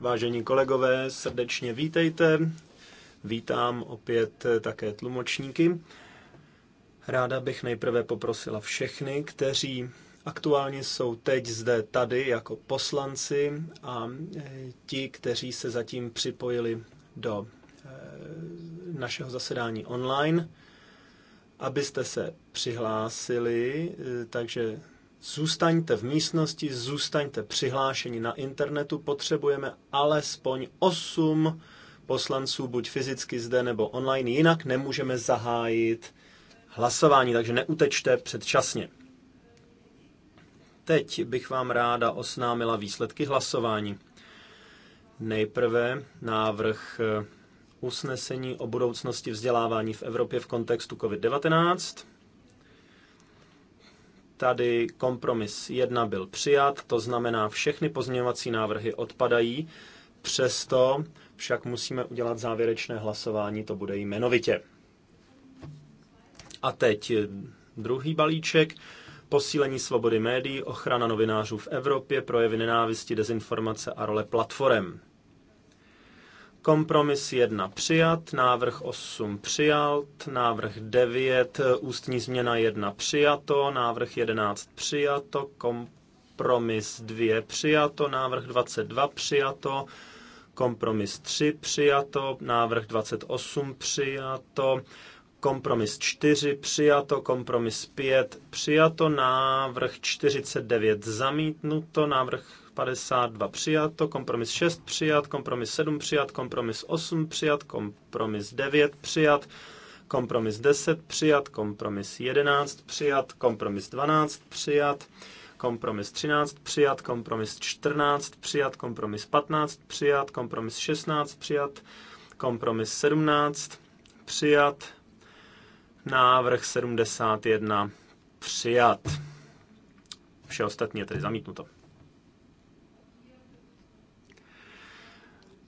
Vážení kolegové, srdečně vítejte. Vítám opět eh, také tlumočníky. Ráda bych nejprve poprosila všechny, kteří aktuálně jsou teď zde tady jako poslanci a eh, ti, kteří se zatím připojili do eh, našeho zasedání online, abyste se přihlásili, takže Zůstaňte v místnosti, zůstaňte přihlášeni na internetu. Potřebujeme alespoň 8 poslanců, buď fyzicky zde nebo online, jinak nemůžeme zahájit hlasování, takže neutečte předčasně. Teď bych vám ráda osnámila výsledky hlasování. Nejprve návrh eh, usnesení o budoucnosti vzdělávání v Evropě v kontextu COVID-19. Tady kompromis 1 byl přijat, to znamená, všechny pozměňovací návrhy odpadají, přesto však musíme udělat závěrečné hlasování, to bude jmenovitě. A teď eh, druhý balíček. Posílení svobody médií, ochrana novinářů v Evropě, projevy nenávisti, dezinformace a role platform. Kompromis 1 přijat, návrh 8 přijat, návrh 9 ústní změna 1 přijato, návrh 11 přijato, kompromis 2 přijato, návrh 22 přijato, kompromis 3 přijato, návrh 28 přijato, kompromis 4 přijato, kompromis 5 přijato, návrh 49 zamítnuto, návrh 52 přijato, kompromis 6 přijat, kompromis 7 přijat, kompromis 8 přijat, kompromis 9 přijat, kompromis 10 přijat, kompromis 11 přijat, kompromis 12 přijat, kompromis 13 přijat, kompromis 14 přijat, kompromis 15 přijat, kompromis 16 přijat, kompromis 17 přijat, návrh 71 přijat. Vše ostatní je tedy zamítnuto.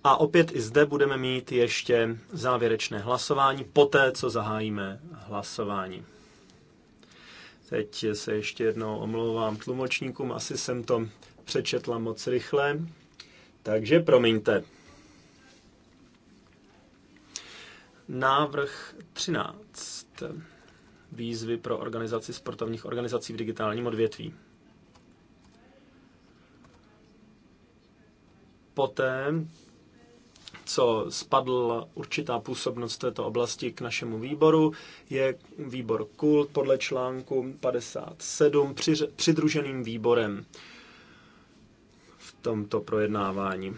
A opět i zde budeme mít ještě závěrečné hlasování, poté co zahájíme hlasování. Teď se ještě jednou omlouvám tlumočníkům, asi jsem to přečetla moc rychle, takže promiňte. Návrh 13. Výzvy pro organizaci sportovních organizací v digitálním odvětví. Poté, co spadla určitá působnost této oblasti k našemu výboru, je výbor KULT podle článku 57 přidruženým výborem v tomto projednávání.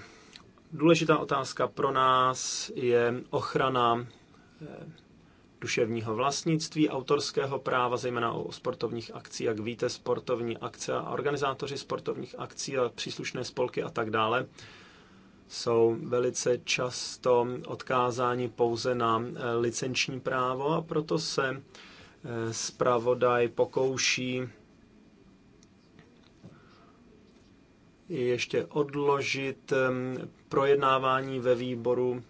Důležitá otázka pro nás je ochrana eh, duševního vlastnictví, autorského práva, zejména o sportovních akcí, jak víte, sportovní akce a organizátoři sportovních akcí a příslušné spolky a tak dále jsou velice často odkázáni pouze na eh, licenční právo a proto se eh, zpravodaj pokouší ještě odložit ehm, projednávání ve výboru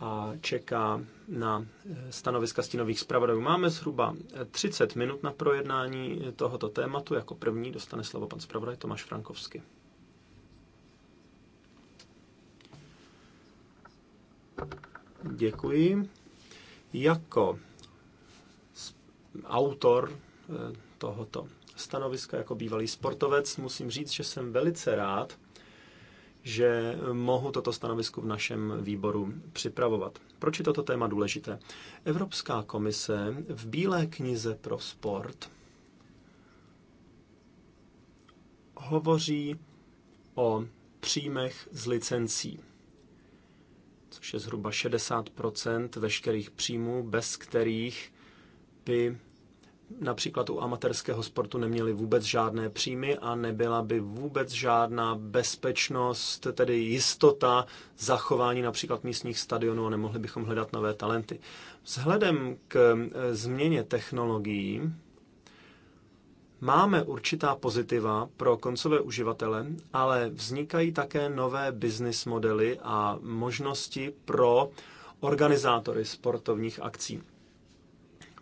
a čeká na eh, stanoviska stínových zpravodajů. Máme zhruba 30 minut na projednání tohoto tématu. Jako první dostane slovo pan zpravodaj Tomáš Frankovský. Děkuji. Jako autor eh, tohoto stanoviska, jako bývalý sportovec, musím říct, že jsem velice rád, že mohu toto stanovisko v našem výboru připravovat. Proč je toto téma důležité? Evropská komise v Bílé knize pro sport hovoří o příjmech z licencí což je zhruba 60 veškerých příjmů, bez kterých by například u amatérského sportu neměli vůbec žádné příjmy a nebyla by vůbec žádná bezpečnost, tedy jistota zachování například místních stadionů a nemohli bychom hledat nové talenty. Vzhledem k e, změně technologií Máme určitá pozitiva pro koncové uživatele, ale vznikají také nové business modely a možnosti pro organizátory sportovních akcí.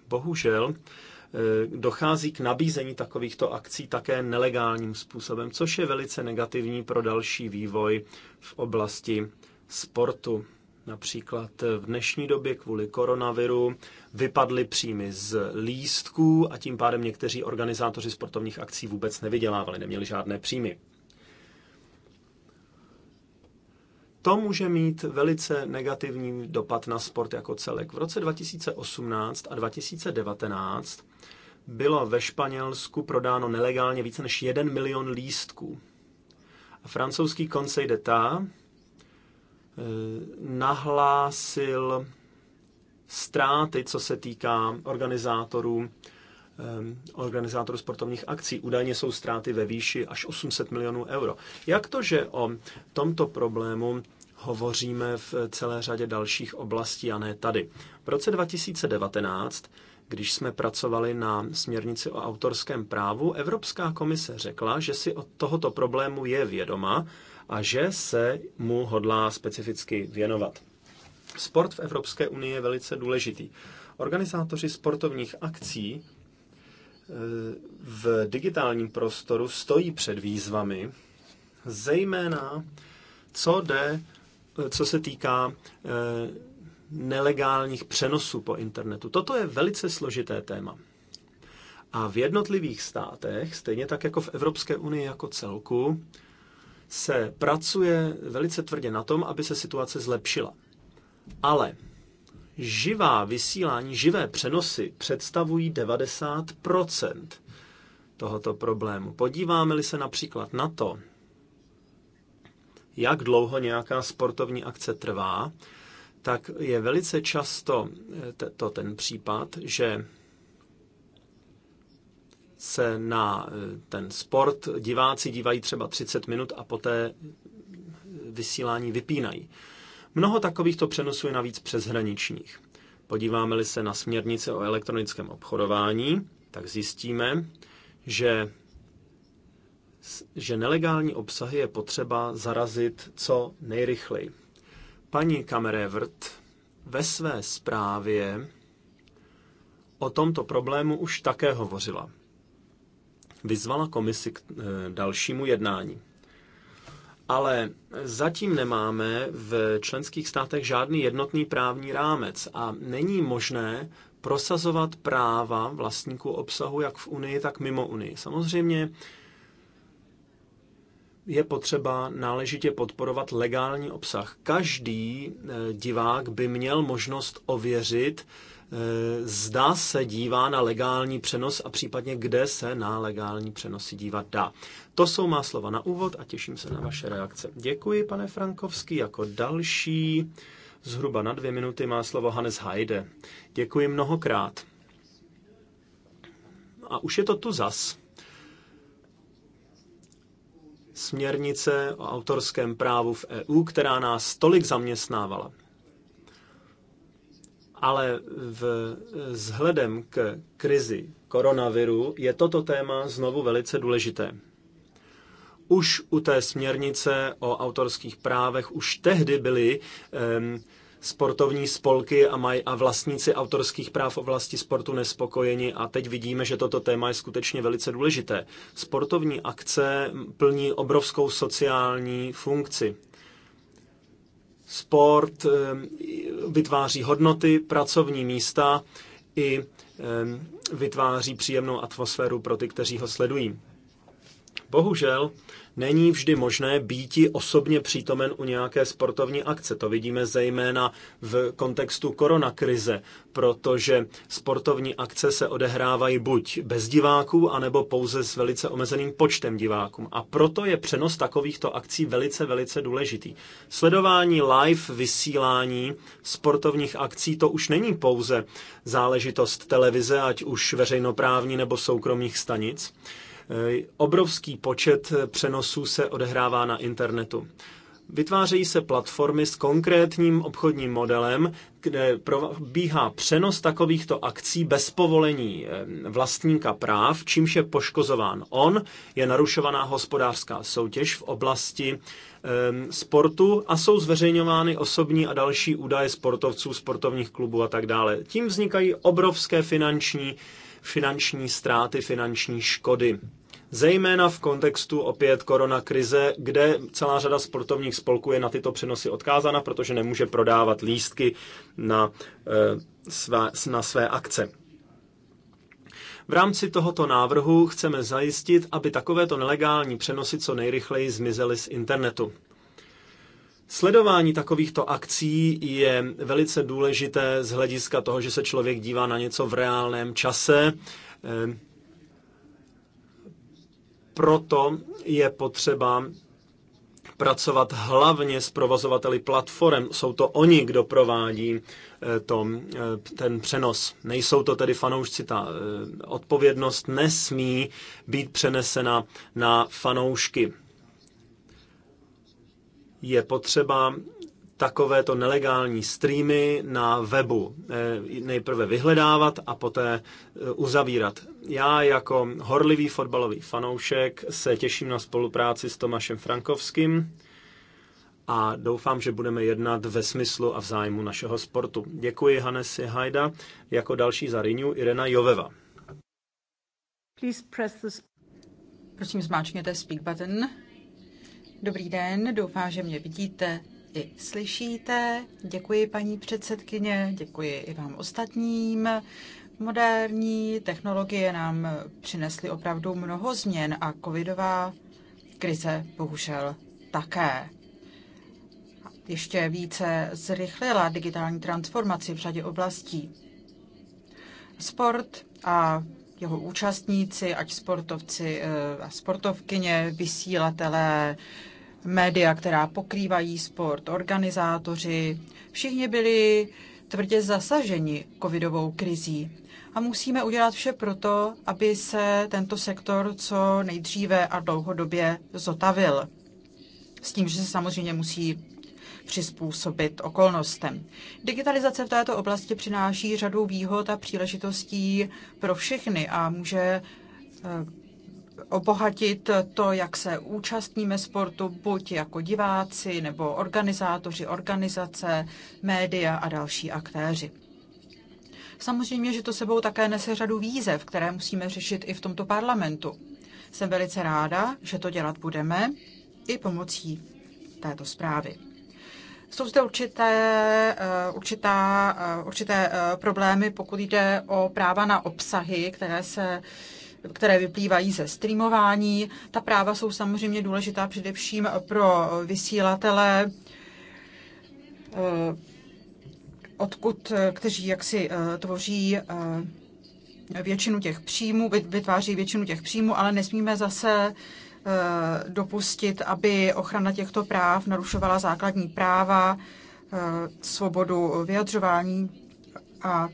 Bohužel eh, dochází k nabízení takovýchto akcí také nelegálním způsobem, což je velice negativní pro další vývoj v oblasti sportu. Například eh, v dnešní době kvůli koronaviru vypadly příjmy z lístků a tím pádem někteří organizátoři sportovních akcí vůbec nevydělávali, neměli žádné příjmy. To může mít velice negativní dopad na sport jako celek. V roce 2018 a 2019 bylo ve Španělsku prodáno nelegálně více než 1 milion lístků. A francouzský Conseil d'État Eh, nahlásil ztráty, co se týká organizátorů, eh, organizátorů sportovních akcí. Údajně jsou ztráty ve výši až 800 milionů euro. Jak to, že o tomto problému hovoříme v celé řadě dalších oblastí a ne tady? V roce 2019 když jsme pracovali na směrnici o autorském právu, Evropská komise řekla, že si od tohoto problému je vědoma a že se mu hodlá specificky věnovat. Sport v Evropské unii je velice důležitý. Organizátoři sportovních akcí eh, v digitálním prostoru stojí před výzvami, zejména co jde, eh, co se týká eh, nelegálních přenosů po internetu. Toto je velice složité téma. A v jednotlivých státech, stejně tak jako v Evropské unii jako celku, se pracuje velice tvrdě na tom, aby se situace zlepšila. Ale živá vysílání, živé přenosy představují 90 tohoto problému. Podíváme-li se například na to, jak dlouho nějaká sportovní akce trvá, tak je velice často eh, to ten případ, že se na eh, ten sport diváci dívají třeba 30 minut a poté vysílání vypínají. Mnoho takovýchto přenosů je navíc přeshraničních. Podíváme-li se na směrnice o elektronickém obchodování, tak zjistíme, že, že nelegální obsahy je potřeba zarazit co nejrychleji. Paní Kamerevrt ve své zprávě o tomto problému už také hovořila vyzvala komisi k eh, dalšímu jednání. Ale zatím nemáme v členských státech žádný jednotný právní rámec a není možné prosazovat práva vlastníků obsahu jak v Unii, tak mimo Unii. Samozřejmě je potřeba náležitě podporovat legální obsah. Každý eh, divák by měl možnost ověřit, Eh, zda se dívá na legální přenos a případně kde se na legální přenosy dívat dá. To jsou má slova na úvod a těším se na vaše reakce. Děkuji, pane Frankovský. Jako další zhruba na dvě minuty má slovo Hannes Heide. Děkuji mnohokrát. A už je to tu zas. Směrnice o autorském právu v EU, která nás tolik zaměstnávala ale vzhledem k krizi koronaviru je toto téma znovu velice důležité. Už u té směrnice o autorských právech už tehdy byly um, sportovní spolky a, maj, a vlastníci autorských práv oblasti sportu nespokojeni a teď vidíme, že toto téma je skutečně velice důležité. Sportovní akce plní obrovskou sociální funkci. Sport ehm, vytváří hodnoty, pracovní místa i ehm, vytváří příjemnou atmosféru pro ty, kteří ho sledují. Bohužel není vždy možné býti osobně přítomen u nějaké sportovní akce. To vidíme zejména v kontextu koronakrize, protože sportovní akce se odehrávají buď bez diváků, anebo pouze s velice omezeným počtem diváků. A proto je přenos takovýchto akcí velice, velice důležitý. Sledování live vysílání sportovních akcí to už není pouze záležitost televize, ať už veřejnoprávní nebo soukromých stanic. Eh, obrovský počet eh, přenosů se odehrává na internetu. Vytvářejí se platformy s konkrétním obchodním modelem, kde probíhá přenos takovýchto akcí bez povolení eh, vlastníka práv, čímž je poškozován on, je narušovaná hospodářská soutěž v oblasti ehm, sportu a jsou zveřejňovány osobní a další údaje sportovců, sportovních klubů a tak dále. Tím vznikají obrovské finanční finanční ztráty, finanční škody. Zejména v kontextu opět koronakrize, kde celá řada sportovních spolků je na tyto přenosy odkázána, protože nemůže prodávat lístky na, eh, své, na své akce. V rámci tohoto návrhu chceme zajistit, aby takovéto nelegální přenosy co nejrychleji zmizely z internetu. Sledování takovýchto akcí je velice důležité z hlediska toho, že se člověk dívá na něco v reálném čase. Ehm, proto je potřeba pracovat hlavně s provozovateli platform. Jsou to oni, kdo provádí eh, to, eh, ten přenos. Nejsou to tedy fanoušci. Ta eh, odpovědnost nesmí být přenesena na fanoušky je potřeba takovéto nelegální streamy na webu eh, nejprve vyhledávat a poté eh, uzavírat. Já jako horlivý fotbalový fanoušek se těším na spolupráci s Tomášem Frankovským a doufám, že budeme jednat ve smyslu a v zájmu našeho sportu. Děkuji Hanesi Hajda, jako další za Rinu Irena Joveva. Please press the... Prosím, zmáčkněte speak button. Dobrý den, doufám, že mě vidíte i slyšíte. Děkuji paní předsedkyně, děkuji i vám ostatním. Moderní technologie nám přinesly opravdu mnoho změn a covidová krize bohužel také. Ještě více zrychlila digitální transformaci v řadě oblastí. Sport a jeho účastníci, ať sportovci eh, a sportovkyně, vysílatelé, média, která pokrývají sport, organizátoři, všichni byli tvrdě zasaženi covidovou krizí. A musíme udělat vše proto, aby se tento sektor co nejdříve a dlouhodobě zotavil. S tím, že se samozřejmě musí přizpůsobit okolnostem. Digitalizace v této oblasti přináší řadu výhod a příležitostí pro všechny a může eh, obohatit to, jak se účastníme sportu, buď jako diváci nebo organizátoři, organizace, média a další aktéři. Samozřejmě, že to sebou také nese řadu výzev, které musíme řešit i v tomto parlamentu. Jsem velice ráda, že to dělat budeme i pomocí této zprávy. Jsou zde určité, eh, určitá, eh, určité eh, problémy, pokud jde o práva na obsahy, které se které vyplývají ze streamování. Ta práva jsou samozřejmě důležitá především pro vysílatele, eh, odkud, kteří jaksi eh, tvoří eh, většinu těch příjmů, vytváří většinu těch příjmů, ale nesmíme zase dopustit, aby ochrana těchto práv narušovala základní práva, svobodu vyjadřování a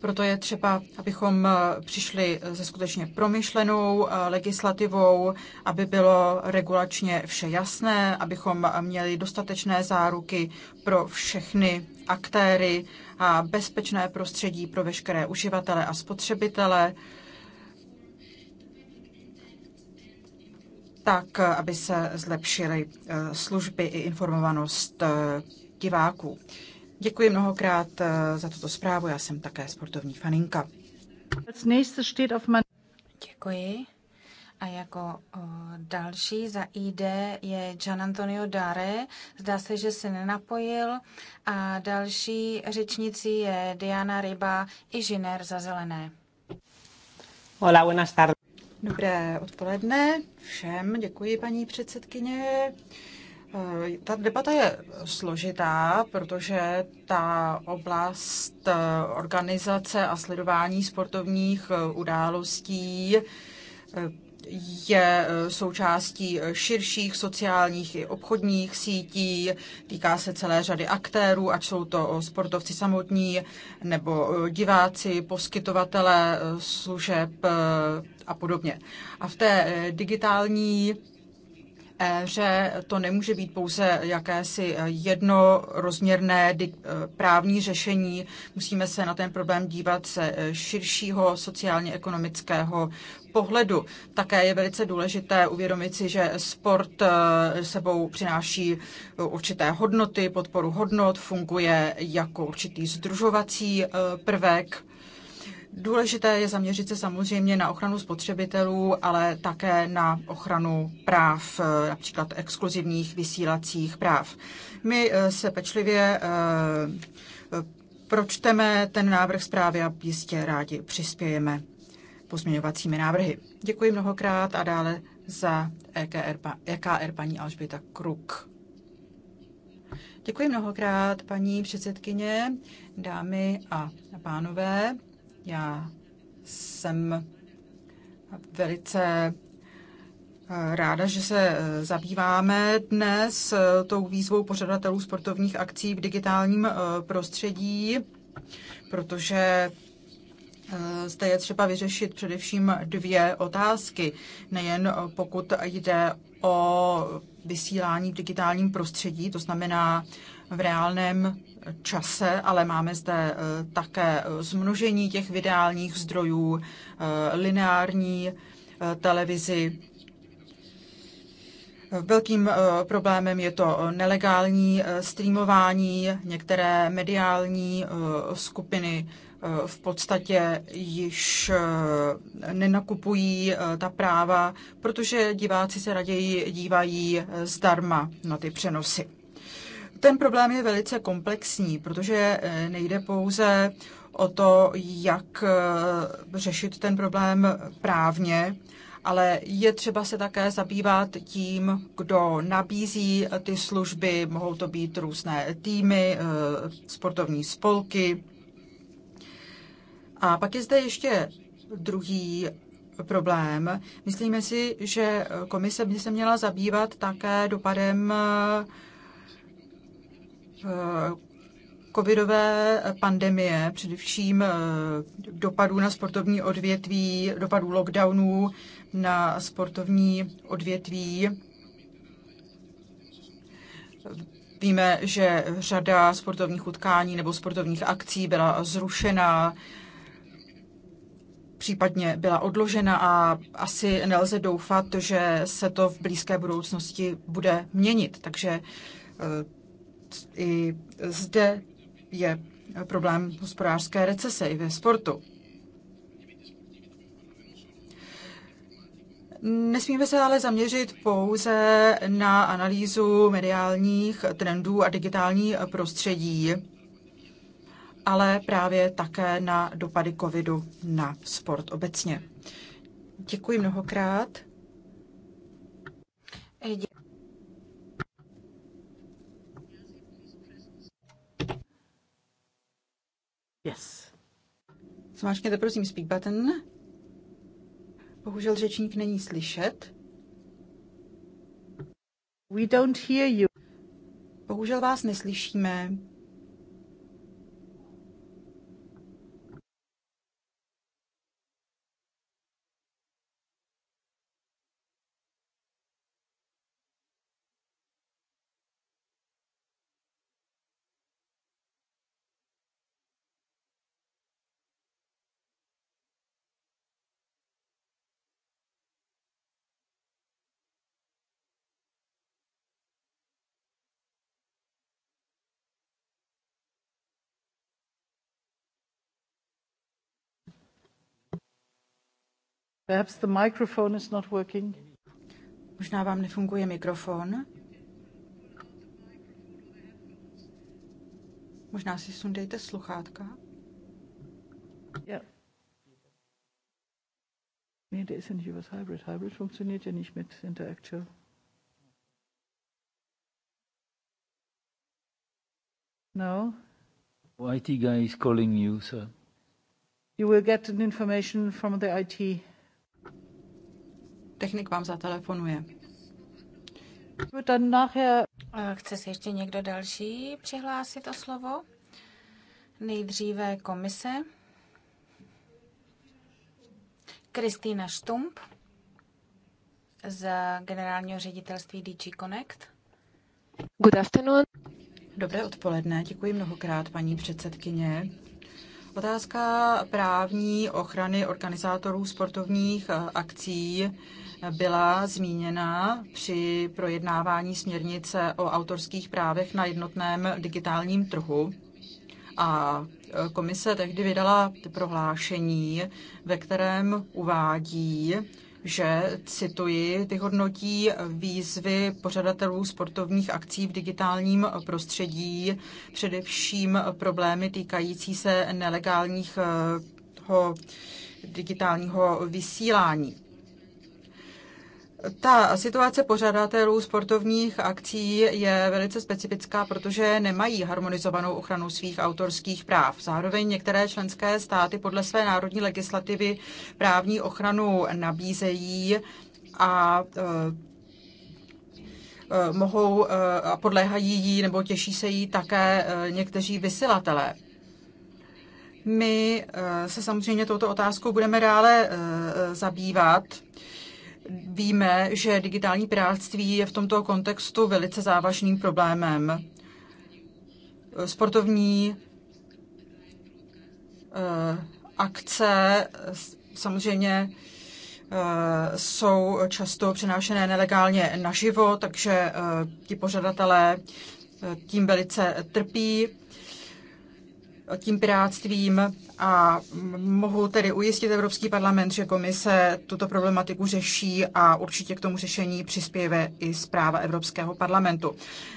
proto je třeba, abychom eh, přišli se skutečně promyšlenou eh, legislativou, aby bylo regulačně vše jasné, abychom měli dostatečné záruky pro všechny aktéry a bezpečné prostředí pro veškeré uživatele a spotřebitele, tak, eh, aby se zlepšily služby i informovanost diváků. Děkuji mnohokrát eh, za tuto zprávu, já jsem také sportovní faninka. Děkuji. A jako další za ID je Gian Antonio Dare. Zdá se, že se nenapojil. A další řečnicí je Diana Ryba, Žiner za zelené. Hola, buenas tardes. Dobré odpoledne všem. Děkuji, paní předsedkyně. Eh, ta debata je složitá, protože ta oblast eh, organizace a sledování sportovních eh, událostí je součástí širších sociálních i obchodních sítí, týká se celé řady aktérů, ať jsou to sportovci samotní nebo diváci, poskytovatele služeb a podobně. A v té digitální že to nemůže být pouze jakési eh, jednorozměrné eh, právní řešení. Musíme se na ten problém dívat ze eh, širšího sociálně-ekonomického pohledu. Také je velice důležité uvědomit si, že sport sebou přináší určité hodnoty, podporu hodnot, funguje jako určitý združovací prvek Důležité je zaměřit se samozřejmě na ochranu spotřebitelů, ale také na ochranu práv, eh, například exkluzivních vysílacích práv. My eh, se pečlivě eh, pročteme ten návrh zprávy a jistě rádi přispějeme pozměňovacími návrhy. Děkuji mnohokrát a dále za EKR, EKR paní Alžběta Kruk. Děkuji mnohokrát, paní předsedkyně, dámy a pánové. Já jsem velice eh, ráda, že se eh, zabýváme dnes eh, tou výzvou pořadatelů sportovních akcí v digitálním prostředí, protože zde je třeba vyřešit především dvě otázky. Nejen pokud jde o vysílání v digitálním prostředí, to znamená v reálném čase, ale máme zde eh, také eh, zmnožení těch videálních zdrojů, eh, lineární televizi. Velkým problémem je to nelegální streamování. Některé mediální skupiny v podstatě již nenakupují ta práva, protože diváci se raději dívají zdarma na ty přenosy. Ten problém je velice komplexní, protože eh, nejde pouze o to, jak eh, řešit ten problém právně, ale je třeba se také zabývat tím, kdo nabízí ty služby. Mohou to být různé týmy, eh, sportovní spolky. A pak je zde ještě druhý problém. Myslíme si, že komise by se měla zabývat také dopadem Eh, covidové pandemie, především eh, dopadů na sportovní odvětví, dopadů lockdownů na sportovní odvětví. Víme, že řada sportovních utkání nebo sportovních akcí byla zrušena, případně byla odložena a asi nelze doufat, že se to v blízké budoucnosti bude měnit. Takže eh, i zde je problém hospodářské recese i ve sportu. Nesmíme se ale zaměřit pouze na analýzu mediálních trendů a digitální prostředí, ale právě také na dopady covidu na sport obecně. Děkuji mnohokrát. Yes. Zmáčkněte prosím speak button. Bohužel řečník není slyšet. We don't hear you. Bohužel vás neslyšíme. Perhaps the microphone is not working. Možná vám nefunguje mikrofon. Možná si sundejte sluchátka. Yeah. Nee, der ist ja nicht übers Hybrid. Hybrid funktioniert ja nicht mit Interactual. No? Oh, IT guy is calling you, sir. You will get an information from the IT technik vám zatelefonuje. Chce se ještě někdo další přihlásit o slovo? Nejdříve komise. Kristýna Štump z generálního ředitelství DG Connect. Good afternoon. Dobré odpoledne, děkuji mnohokrát, paní předsedkyně. Otázka právní ochrany organizátorů sportovních eh, akcí byla zmíněna při projednávání směrnice o autorských právech na jednotném digitálním trhu. A e, komise tehdy vydala prohlášení, ve kterém uvádí, že, cituji, ty hodnotí výzvy pořadatelů sportovních akcí v digitálním prostředí, především problémy týkající se nelegálního e, digitálního vysílání. Ta situace pořadatelů sportovních akcí je velice specifická, protože nemají harmonizovanou ochranu svých autorských práv. Zároveň některé členské státy podle své národní legislativy právní ochranu nabízejí a e, e, mohou e, a podléhají jí nebo těší se jí také někteří vysílatelé. My se samozřejmě touto otázkou budeme dále zabývat. Víme, že digitální pirátství je v tomto kontextu velice závažným problémem. Sportovní eh, akce samozřejmě eh, jsou často přenášené nelegálně naživo, takže eh, ti pořadatelé tím velice trpí tím pirátstvím a mohu tedy ujistit Evropský parlament, že komise tuto problematiku řeší a určitě k tomu řešení přispěje i zpráva Evropského parlamentu.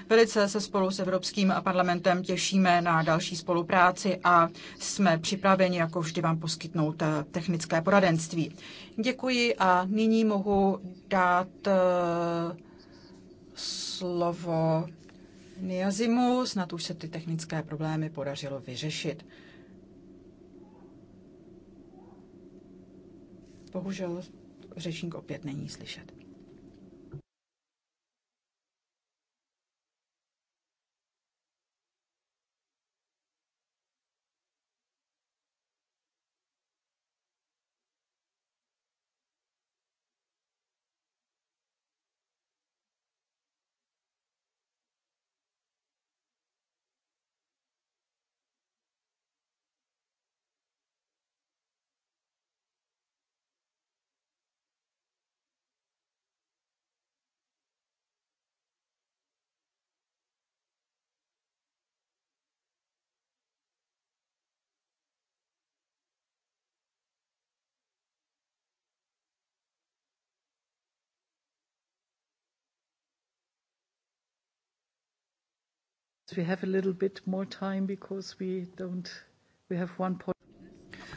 Velice se spolu s Evropským parlamentem těšíme na další spolupráci a jsme připraveni jako vždy vám poskytnout eh, technické poradenství. Děkuji a nyní mohu dát eh, slovo Niazimu snad už se ty technické problémy podařilo vyřešit. Bohužel řečník opět není slyšet.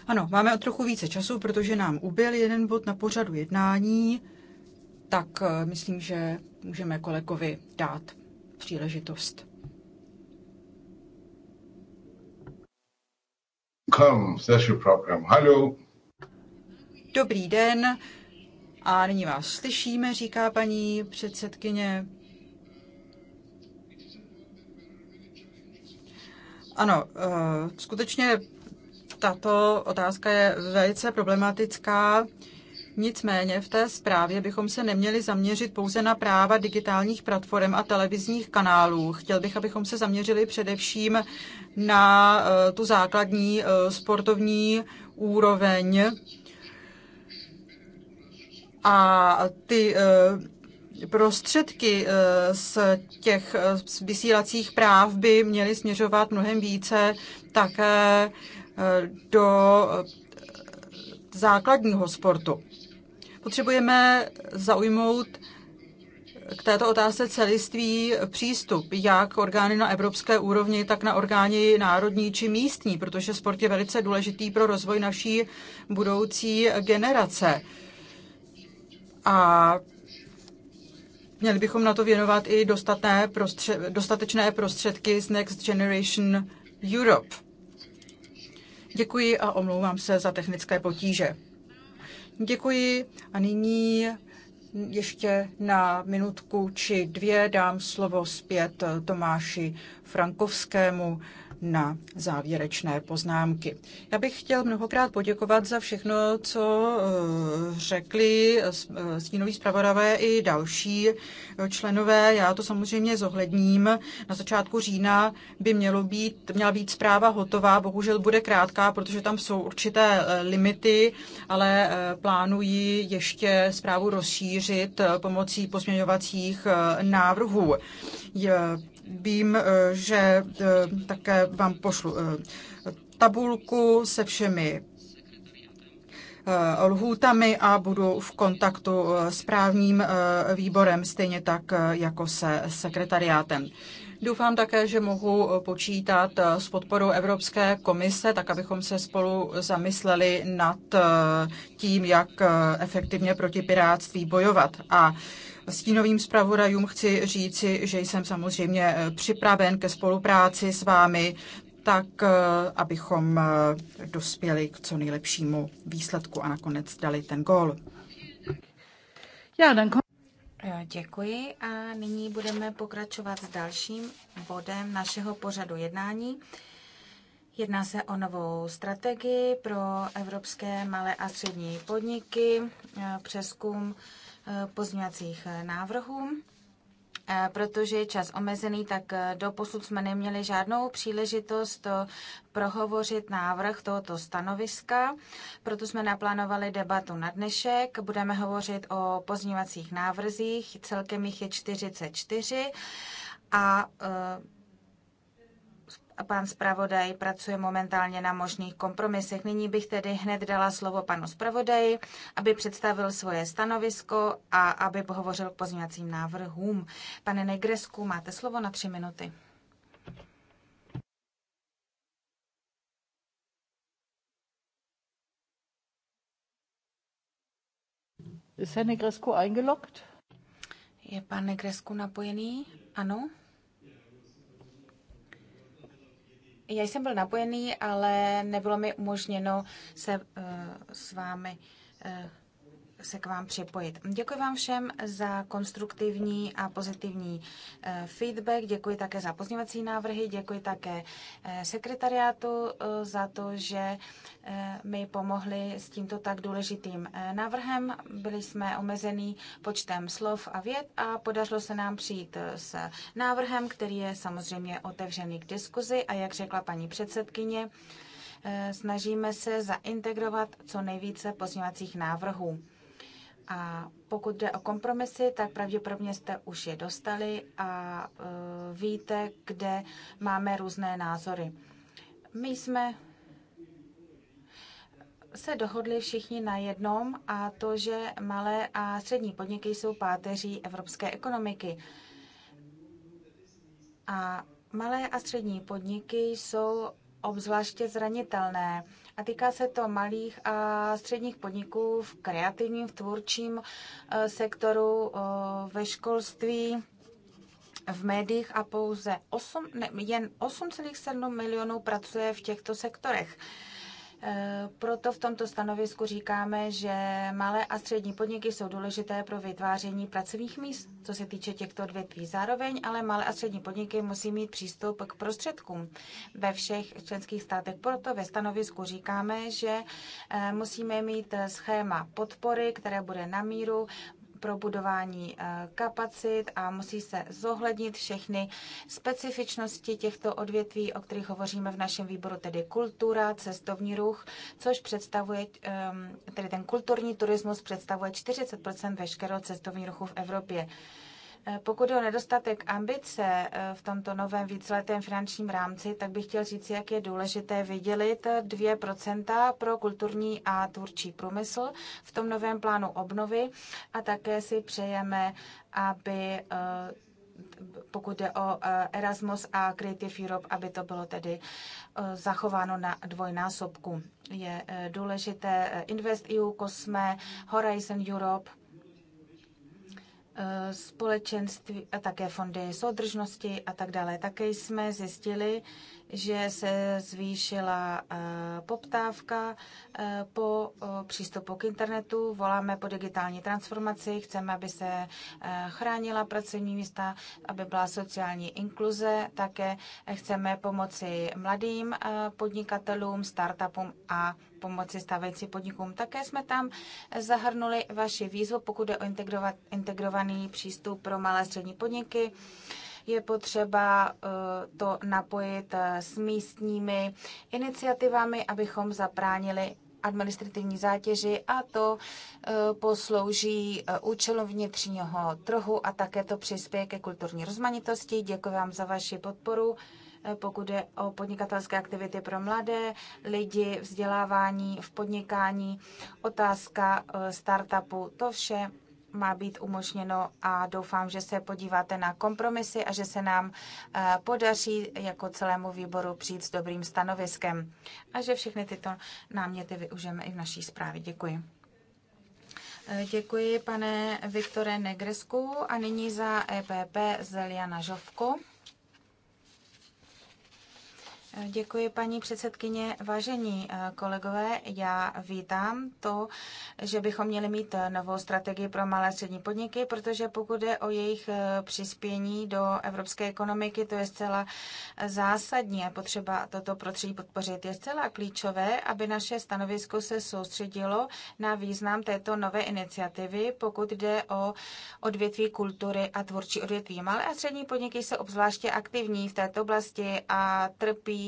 Ano, máme o trochu více času, protože nám ubyl jeden bod na pořadu jednání, tak eh, myslím, že můžeme kolegovi dát příležitost. Come, program. Hello. Dobrý den. A nyní vás slyšíme, říká paní předsedkyně. Ano, eh, skutečně tato otázka je velice problematická. Nicméně v té zprávě bychom se neměli zaměřit pouze na práva digitálních platform a televizních kanálů. Chtěl bych, abychom se zaměřili především na eh, tu základní eh, sportovní úroveň a ty prostředky eh, z těch eh, z vysílacích práv by měly směřovat mnohem více také eh, do základního sportu. Potřebujeme zaujmout k této otázce celiství přístup, jak orgány na evropské úrovni, tak na orgány národní či místní, protože sport je velice důležitý pro rozvoj naší budoucí generace. A Měli bychom na to věnovat i dostatné prostře- dostatečné prostředky z Next Generation Europe. Děkuji a omlouvám se za technické potíže. Děkuji a nyní ještě na minutku či dvě dám slovo zpět Tomáši Frankovskému, na závěrečné poznámky. Já bych chtěl mnohokrát poděkovat za všechno, co eh, řekli eh, eh, stínoví zpravodavé i další členové. Já to samozřejmě zohledním. Na začátku října by mělo být, měla být zpráva hotová, bohužel bude krátká, protože tam jsou určité limity, ale plánuji ještě zprávu rozšířit pomocí pozměňovacích návrhů vím, eh, že eh, také vám pošlu eh, tabulku se všemi lhůtami a budu v kontaktu s právním výborem, stejně tak jako se sekretariátem. Doufám také, že mohu počítat s podporou Evropské komise, tak abychom se spolu zamysleli nad tím, jak efektivně proti pirátství bojovat. A stínovým zpravodajům chci říci, že jsem samozřejmě eh, připraven ke spolupráci s vámi, tak eh, abychom eh, dospěli k co nejlepšímu výsledku a nakonec dali ten gól. Já, Děkuji a nyní budeme pokračovat s dalším bodem našeho pořadu jednání. Jedná se o novou strategii pro evropské malé a střední podniky, přeskum pozměňovacích eh, návrhů. Eh, protože je čas omezený, tak eh, do posud jsme neměli žádnou příležitost prohovořit návrh tohoto stanoviska, proto jsme naplánovali debatu na dnešek. Budeme hovořit o pozměňovacích návrzích, celkem jich je 44 a Pan zpravodaj pracuje momentálně na možných kompromisech. Nyní bych tedy hned dala slovo panu zpravodaji, aby představil svoje stanovisko a aby pohovořil k pozměňovacím návrhům. Pane Negresku, máte slovo na tři minuty. Negresku Je pan Negresku napojený? Ano. Já jsem byl napojený, ale nebylo mi umožněno se eh, s vámi eh, se k vám připojit. Děkuji vám všem za konstruktivní a pozitivní eh, feedback, děkuji také za pozněvací návrhy, děkuji také eh, sekretariátu eh, za to, že mi pomohli s tímto tak důležitým návrhem. Byli jsme omezený počtem slov a věd a podařilo se nám přijít s návrhem, který je samozřejmě otevřený k diskuzi a jak řekla paní předsedkyně, snažíme se zaintegrovat co nejvíce pozněvacích návrhů. A pokud jde o kompromisy, tak pravděpodobně jste už je dostali a e, víte, kde máme různé názory. My jsme se dohodli všichni na jednom a to, že malé a střední podniky jsou páteří evropské ekonomiky. A malé a střední podniky jsou obzvláště zranitelné. A týká se to malých a středních podniků v kreativním, v tvůrčím e, sektoru, e, ve školství, v médiích a pouze 8, ne, jen 8,7 milionů pracuje v těchto sektorech. Eh, proto v tomto stanovisku říkáme, že malé a střední podniky jsou důležité pro vytváření pracovních míst, co se týče těchto odvětví. Zároveň ale malé a střední podniky musí mít přístup k prostředkům ve všech členských státech. Proto ve stanovisku říkáme, že eh, musíme mít eh, schéma podpory, které bude na míru pro budování eh, kapacit a musí se zohlednit všechny specifičnosti těchto odvětví, o kterých hovoříme v našem výboru, tedy kultura, cestovní ruch, což představuje, ehm, tedy ten kulturní turismus představuje 40 veškerého cestovního ruchu v Evropě. Pokud o nedostatek ambice eh, v tomto novém víceletém finančním rámci, tak bych chtěl říct, jak je důležité vydělit 2% eh, pro kulturní a tvůrčí průmysl v tom novém plánu obnovy a také si přejeme, aby eh, pokud jde o Erasmus a Creative Europe, aby to bylo tedy zachováno na dvojnásobku. Je důležité Invest EU, Cosme, Horizon Europe, společenství a také fondy soudržnosti a tak dále. Také jsme zjistili, že se zvýšila eh, poptávka eh, po přístupu k internetu, voláme po digitální transformaci, chceme, aby se eh, chránila pracovní místa, aby byla sociální inkluze, také chceme pomoci mladým podnikatelům, startupům a pomoci stávající podnikům. Také jsme tam zahrnuli vaši výzvu, pokud je o integrovaný přístup pro malé střední podniky. Je potřeba eh, to napojit eh, s místními iniciativami, abychom zabránili administrativní zátěži a to eh, poslouží účelu vnitřního trhu a také to přispěje ke kulturní rozmanitosti. Děkuji vám za vaši podporu pokud je o podnikatelské aktivity pro mladé lidi, vzdělávání v podnikání, otázka startupu, to vše má být umožněno a doufám, že se podíváte na kompromisy a že se nám eh, podaří jako celému výboru přijít s dobrým stanoviskem a že všechny tyto náměty využijeme i v naší zprávě. Děkuji. Eh, děkuji, pane Viktore Negresku a nyní za EPP Zeliana Žovku. Děkuji, paní předsedkyně. Vážení eh, kolegové, já vítám to, že bychom měli mít eh, novou strategii pro malé a střední podniky, protože pokud je o jejich eh, přispění do evropské ekonomiky, to je zcela zásadní a potřeba toto prostředí podpořit. Je zcela klíčové, aby naše stanovisko se soustředilo na význam této nové iniciativy, pokud jde o odvětví kultury a tvůrčí odvětví. Malé a střední podniky jsou obzvláště aktivní v této oblasti a trpí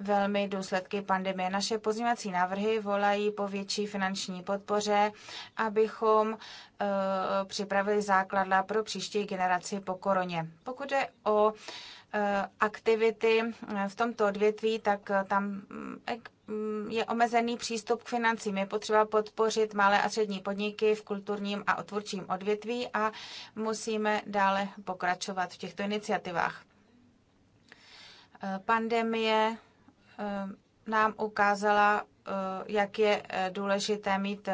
velmi důsledky pandemie. Naše pozměňovací návrhy volají po větší finanční podpoře, abychom eh, připravili základla pro příští generaci po koroně. Pokud je o eh, aktivity v tomto odvětví, tak eh, tam mm, mm, je omezený přístup k financím. Je potřeba podpořit malé a střední podniky v kulturním a otvůrčím odvětví a musíme dále pokračovat v těchto iniciativách. Eh, pandemie eh, nám ukázala, eh, jak je důležité mít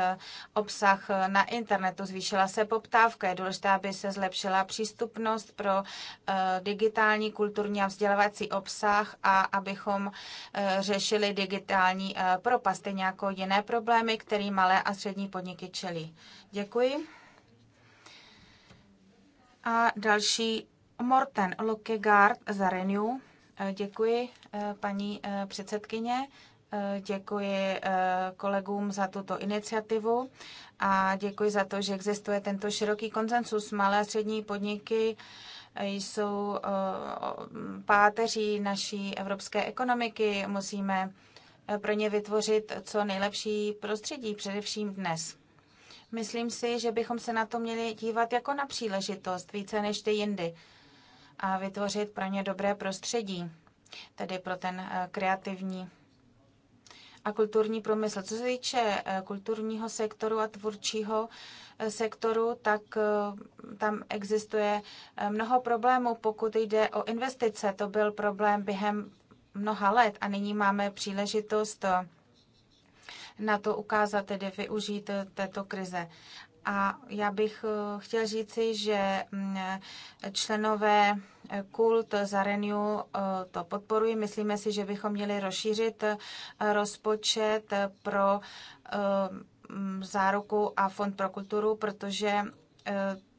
obsah na internetu. Zvýšila se poptávka, je důležité, aby se zlepšila přístupnost pro digitální, kulturní a vzdělávací obsah a abychom řešili digitální propast, stejně jako jiné problémy, které malé a střední podniky čelí. Děkuji. A další Morten Lokegaard za Renew. Eh, děkuji, eh, paní eh, předsedkyně. Děkuji kolegům za tuto iniciativu a děkuji za to, že existuje tento široký konsensus. Malé a střední podniky jsou páteří naší evropské ekonomiky. Musíme pro ně vytvořit co nejlepší prostředí, především dnes. Myslím si, že bychom se na to měli dívat jako na příležitost, více než ty jindy a vytvořit pro ně dobré prostředí, tedy pro ten eh, kreativní a kulturní průmysl. Co se týče eh, kulturního sektoru a tvůrčího eh, sektoru, tak tam existuje mnoho problémů, pokud jde o investice. To byl problém během mnoha let a nyní máme příležitost na to ukázat, tedy využít této krize. A já bych chtěl říci, že mm, členové kult za Renew eh, to podporuji. Myslíme si, že bychom měli rozšířit eh, rozpočet eh, pro záruku a fond pro kulturu, protože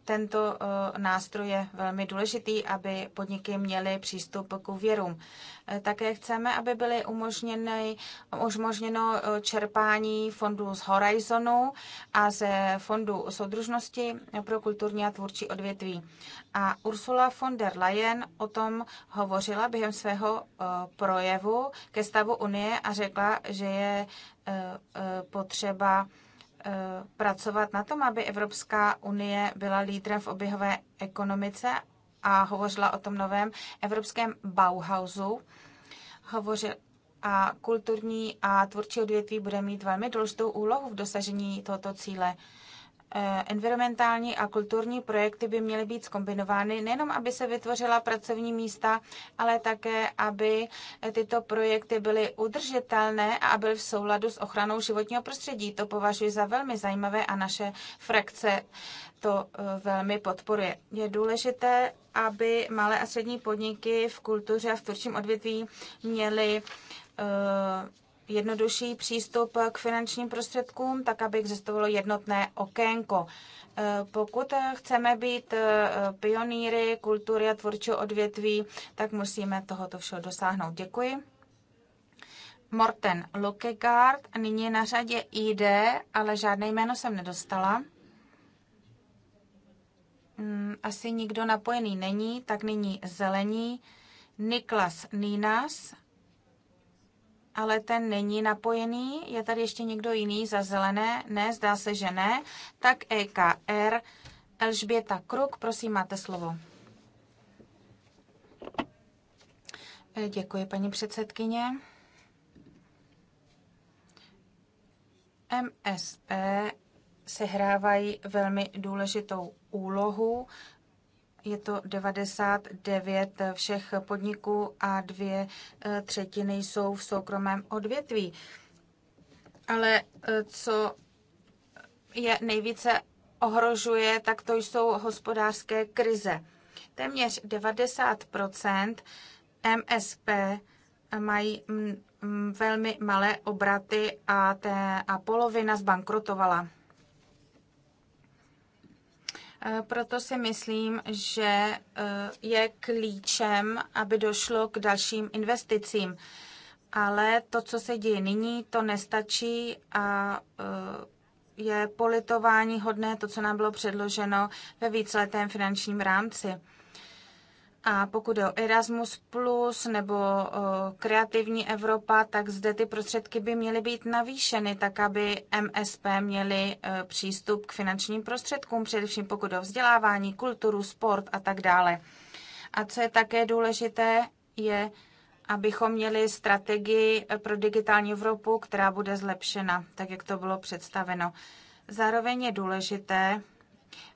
tento eh, nástroj je velmi důležitý, aby podniky měly přístup k úvěrům. Eh, také chceme, aby byly umožněny, umožněno eh, čerpání fondů z Horizonu a ze fondu soudružnosti pro kulturní a tvůrčí odvětví. A Ursula von der Leyen o tom hovořila během svého projevu ke stavu Unie a řekla, že je potřeba Eh, pracovat na tom, aby Evropská unie byla lídrem v oběhové ekonomice a hovořila o tom novém evropském Bauhausu. Hovořil a kulturní a tvůrčí odvětví bude mít velmi důležitou úlohu v dosažení tohoto cíle. Eh, environmentální a kulturní projekty by měly být skombinovány, nejenom aby se vytvořila pracovní místa, ale také, aby tyto projekty byly udržitelné a byly v souladu s ochranou životního prostředí. To považuji za velmi zajímavé a naše frakce to eh, velmi podporuje. Je důležité, aby malé a střední podniky v kultuře a v tvůrčím odvětví měly eh, jednodušší přístup k finančním prostředkům, tak aby existovalo jednotné okénko. E, pokud chceme být e, pionýry kultury a tvůrčího odvětví, tak musíme tohoto všeho dosáhnout. Děkuji. Morten Lukegaard, nyní je na řadě ID, ale žádné jméno jsem nedostala. Hmm, asi nikdo napojený není, tak nyní zelení. Niklas Nínas, ale ten není napojený. Je tady ještě někdo jiný za zelené? Ne, zdá se, že ne. Tak EKR, Elžběta Kruk, prosím, máte slovo. E, děkuji, paní předsedkyně. MSP sehrávají velmi důležitou úlohu je to 99 všech podniků a dvě e, třetiny jsou v soukromém odvětví. Ale e, co je nejvíce ohrožuje, tak to jsou hospodářské krize. Téměř 90 MSP mají velmi malé obraty a, té, a polovina zbankrotovala. E, proto si myslím, že e, je klíčem, aby došlo k dalším investicím. Ale to, co se děje nyní, to nestačí a e, je politování hodné to, co nám bylo předloženo ve víceletém finančním rámci. A pokud je o Erasmus Plus nebo Kreativní Evropa, tak zde ty prostředky by měly být navýšeny, tak aby MSP měly e, přístup k finančním prostředkům, především pokud o vzdělávání, kulturu, sport a tak dále. A co je také důležité, je, abychom měli strategii e, pro digitální Evropu, která bude zlepšena, tak jak to bylo představeno. Zároveň je důležité,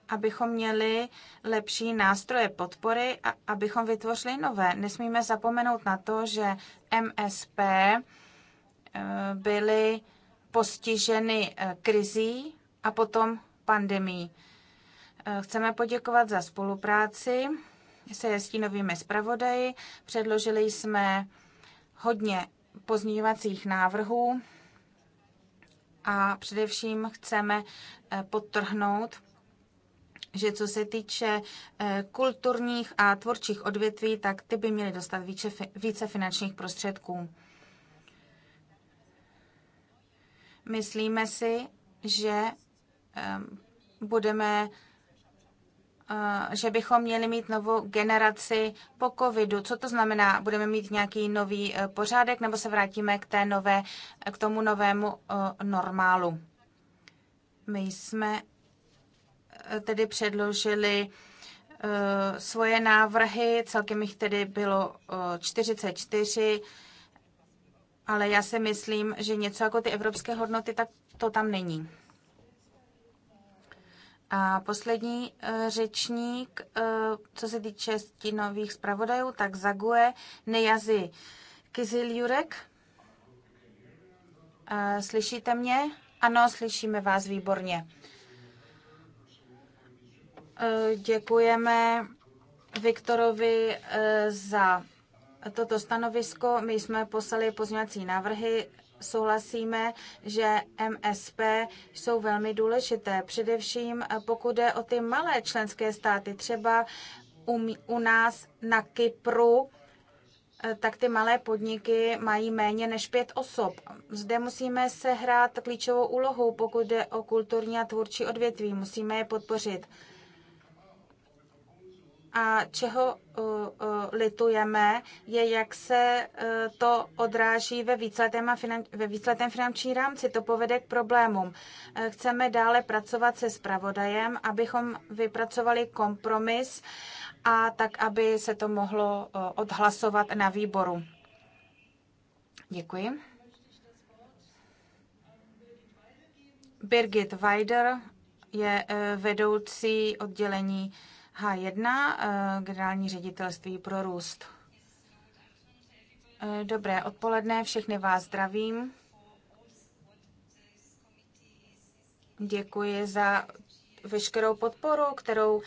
abychom měli lepší nástroje podpory a abychom vytvořili nové. Nesmíme zapomenout na to, že MSP eh, byly postiženy eh, krizí a potom pandemí. Eh, chceme poděkovat za spolupráci se jestínovými zpravodaji. Předložili jsme hodně pozměňovacích návrhů a především chceme podtrhnout že co se týče eh, kulturních a tvorčích odvětví, tak ty by měly dostat více, více finančních prostředků. Myslíme si, že ehm, budeme eh, že bychom měli mít novou generaci po covidu. Co to znamená? Budeme mít nějaký nový eh, pořádek nebo se vrátíme k, té nové, k tomu novému normálu? My jsme tedy předložili eh, svoje návrhy, celkem jich tedy bylo 44, eh, ale já si myslím, že něco jako ty evropské hodnoty, tak to tam není. A poslední eh, řečník, co se týče stínových zpravodajů, tak Zague Nejazy Kiziljurek. Slyšíte mě? Ano, slyšíme vás výborně. Děkujeme Viktorovi eh, za toto stanovisko. My jsme poslali pozměňovací návrhy. Souhlasíme, že MSP jsou velmi důležité, především eh, pokud jde o ty malé členské státy, třeba u, nás na Kypru eh, tak ty malé podniky mají méně než pět osob. Zde musíme sehrát klíčovou úlohu, pokud jde o kulturní a tvůrčí odvětví. Musíme je podpořit a čeho uh, uh, litujeme, je, jak se uh, to odráží ve výsledném, finan, ve výsledném finanční rámci. To povede k problémům. Eh, chceme dále pracovat se spravodajem, abychom vypracovali kompromis a tak, aby se to mohlo eh, odhlasovat na výboru. Děkuji. Birgit Weider je eh, vedoucí oddělení H1, eh, generální ředitelství pro růst. Eh, dobré odpoledne, všechny vás zdravím. Děkuji za veškerou podporu, kterou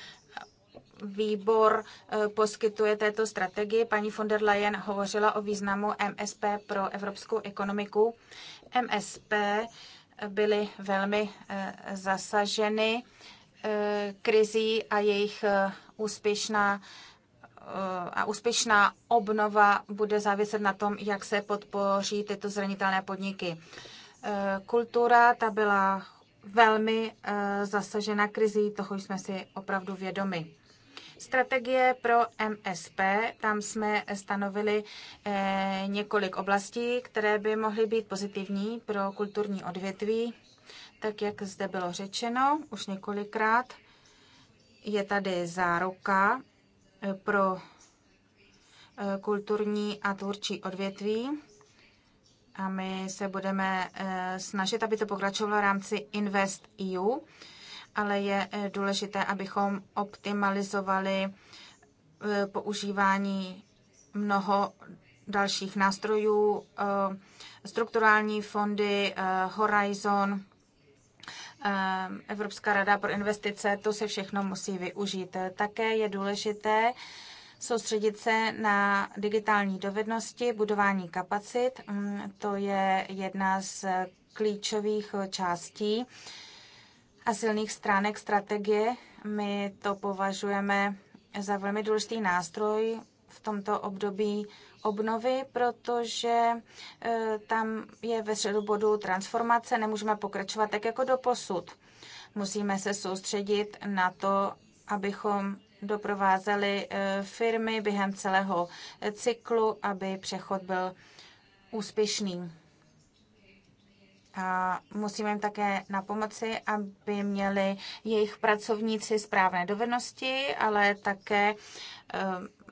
výbor eh, poskytuje této strategii. Paní von der Leyen hovořila o významu MSP pro evropskou ekonomiku. MSP byly velmi zasaženy Eh, krizí a jejich eh, úspěšná eh, a úspěšná obnova bude záviset na tom, jak se podpoří tyto zranitelné podniky. Kultura, ta byla velmi zasažena krizí, toho jsme si opravdu vědomi. Strategie pro MSP, tam jsme stanovili několik oblastí, které by mohly být pozitivní pro kulturní odvětví tak jak zde bylo řečeno už několikrát, je tady záruka eh, pro eh, kulturní a tvůrčí odvětví. A my se budeme eh, snažit, aby to pokračovalo v rámci Invest EU, ale je důležité, abychom optimalizovali používání mnoho dalších nástrojů, strukturální fondy, Horizon Ehm, Evropská rada pro investice, to se všechno musí využít. Také je důležité soustředit se na digitální dovednosti, budování kapacit. Mm, to je jedna z klíčových částí a silných stránek strategie. My to považujeme za velmi důležitý nástroj v tomto období obnovy, protože eh, tam je ve středu bodu transformace, nemůžeme pokračovat tak jako do posud. Musíme se soustředit na to, abychom doprovázeli eh, firmy během celého eh, cyklu, aby přechod byl úspěšný. A musíme jim také na pomoci, aby měli jejich pracovníci správné dovednosti, ale také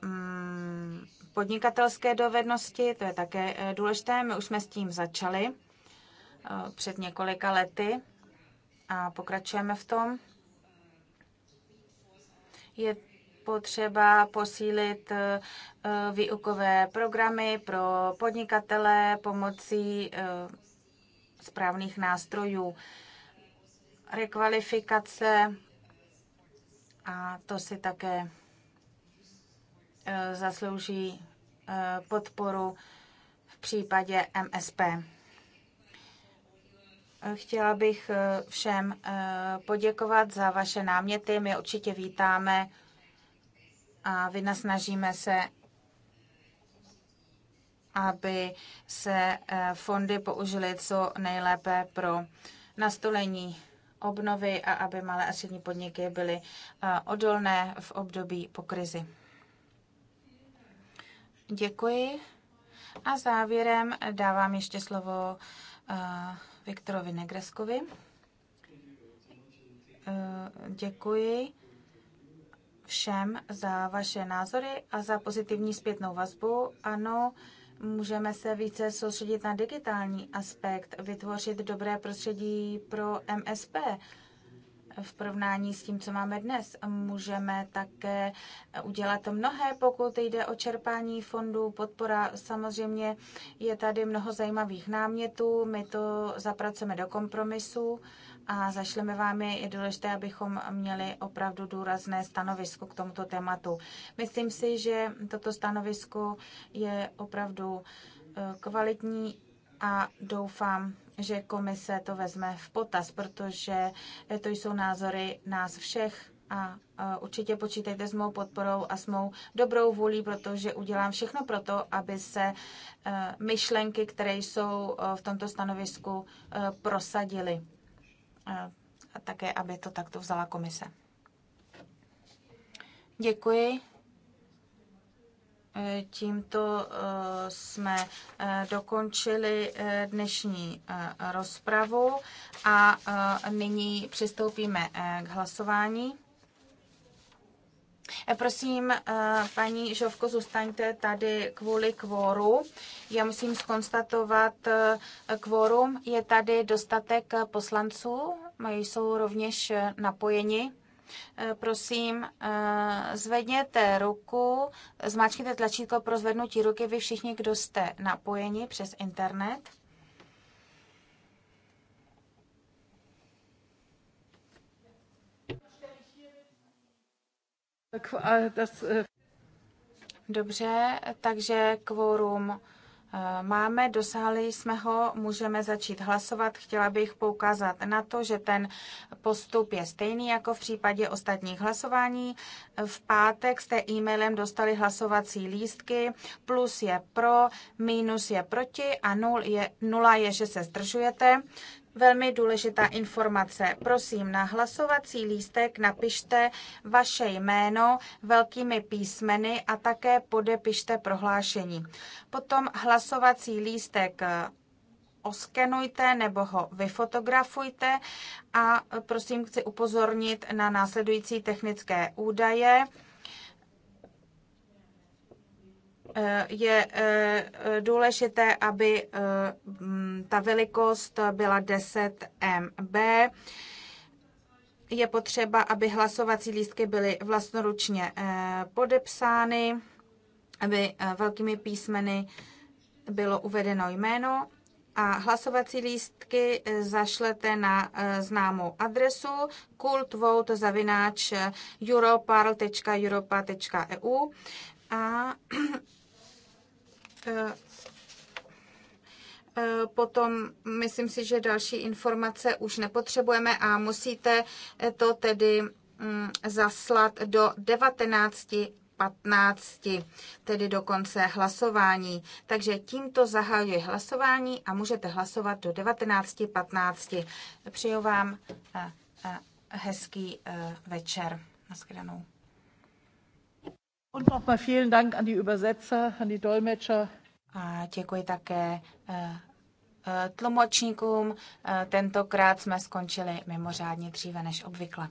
Mm, podnikatelské dovednosti, to je také eh, důležité. My už jsme s tím začali eh, před několika lety a pokračujeme v tom. Je potřeba posílit eh, výukové programy pro podnikatele pomocí správných nástrojů. Rekvalifikace a to si také Eh, zaslouží eh, podporu v případě MSP. Eh, chtěla bych všem poděkovat za vaše náměty. My určitě vítáme a vynasnažíme se, aby se fondy použily co nejlépe pro nastolení obnovy a aby malé a střední podniky byly odolné v období po krizi. Děkuji. A závěrem dávám ještě slovo uh, Viktorovi Negreskovi. Uh, děkuji všem za vaše názory a za pozitivní zpětnou vazbu. Ano, můžeme se více soustředit na digitální aspekt, vytvořit dobré prostředí pro MSP v porovnání s tím, co máme dnes. Můžeme také udělat mnohé, pokud jde o čerpání fondů, podpora. Samozřejmě je tady mnoho zajímavých námětů, my to zapracujeme do kompromisu a zašleme vám je. Je důležité, abychom měli opravdu důrazné stanovisko k tomuto tématu. Myslím si, že toto stanovisko je opravdu eh, kvalitní a doufám, že komise to vezme v potaz, protože to jsou názory nás všech a e, určitě počítejte s mou podporou a s mou dobrou vůlí, protože udělám všechno pro to, aby se e, myšlenky, které jsou e, v tomto stanovisku, prosadily. A také, aby to takto vzala komise. Děkuji Tímto eh, jsme eh, dokončili eh, dnešní rozpravu a nyní přistoupíme k hlasování. Prosím, paní Žovko, zůstaňte tady kvůli kvoru. Já musím skonstatovat kvorum Je tady dostatek poslanců, jsou rovněž napojeni. Eh, prosím, eh, zvedněte ruku, zmáčkněte tlačítko pro zvednutí ruky, vy všichni, kdo jste napojeni přes internet. Eh, Dobře, takže kvórum máme, dosáhli jsme ho, můžeme začít hlasovat. Chtěla bych poukázat na to, že ten postup je stejný jako v případě ostatních hlasování. V pátek jste e-mailem dostali hlasovací lístky, plus je pro, minus je proti a nul je, nula je, že se zdržujete. Velmi důležitá informace. Prosím, na hlasovací lístek napište vaše jméno velkými písmeny a také podepište prohlášení. Potom hlasovací lístek eh, oskenujte nebo ho vyfotografujte a eh, prosím chci upozornit na následující technické údaje. Eh, je eh, důležité, aby eh, ta velikost byla 10 MB. Je potřeba, aby hlasovací lístky byly vlastnoručně podepsány, aby velkými písmeny bylo uvedeno jméno a hlasovací lístky zašlete na známou adresu kultvote.europa.europa.eu e a Eh, eh, potom myslím si, že další informace už nepotřebujeme a musíte to tedy mm, zaslat do 19:15, tedy do konce hlasování. Takže tímto zahajuji hlasování a můžete hlasovat do 19.15. Přeju vám eh, hezký večer. Naschledanou. A děkuji také eh, eh, tlumočníkům. Eh, tentokrát jsme skončili mimořádně dříve než obvykle.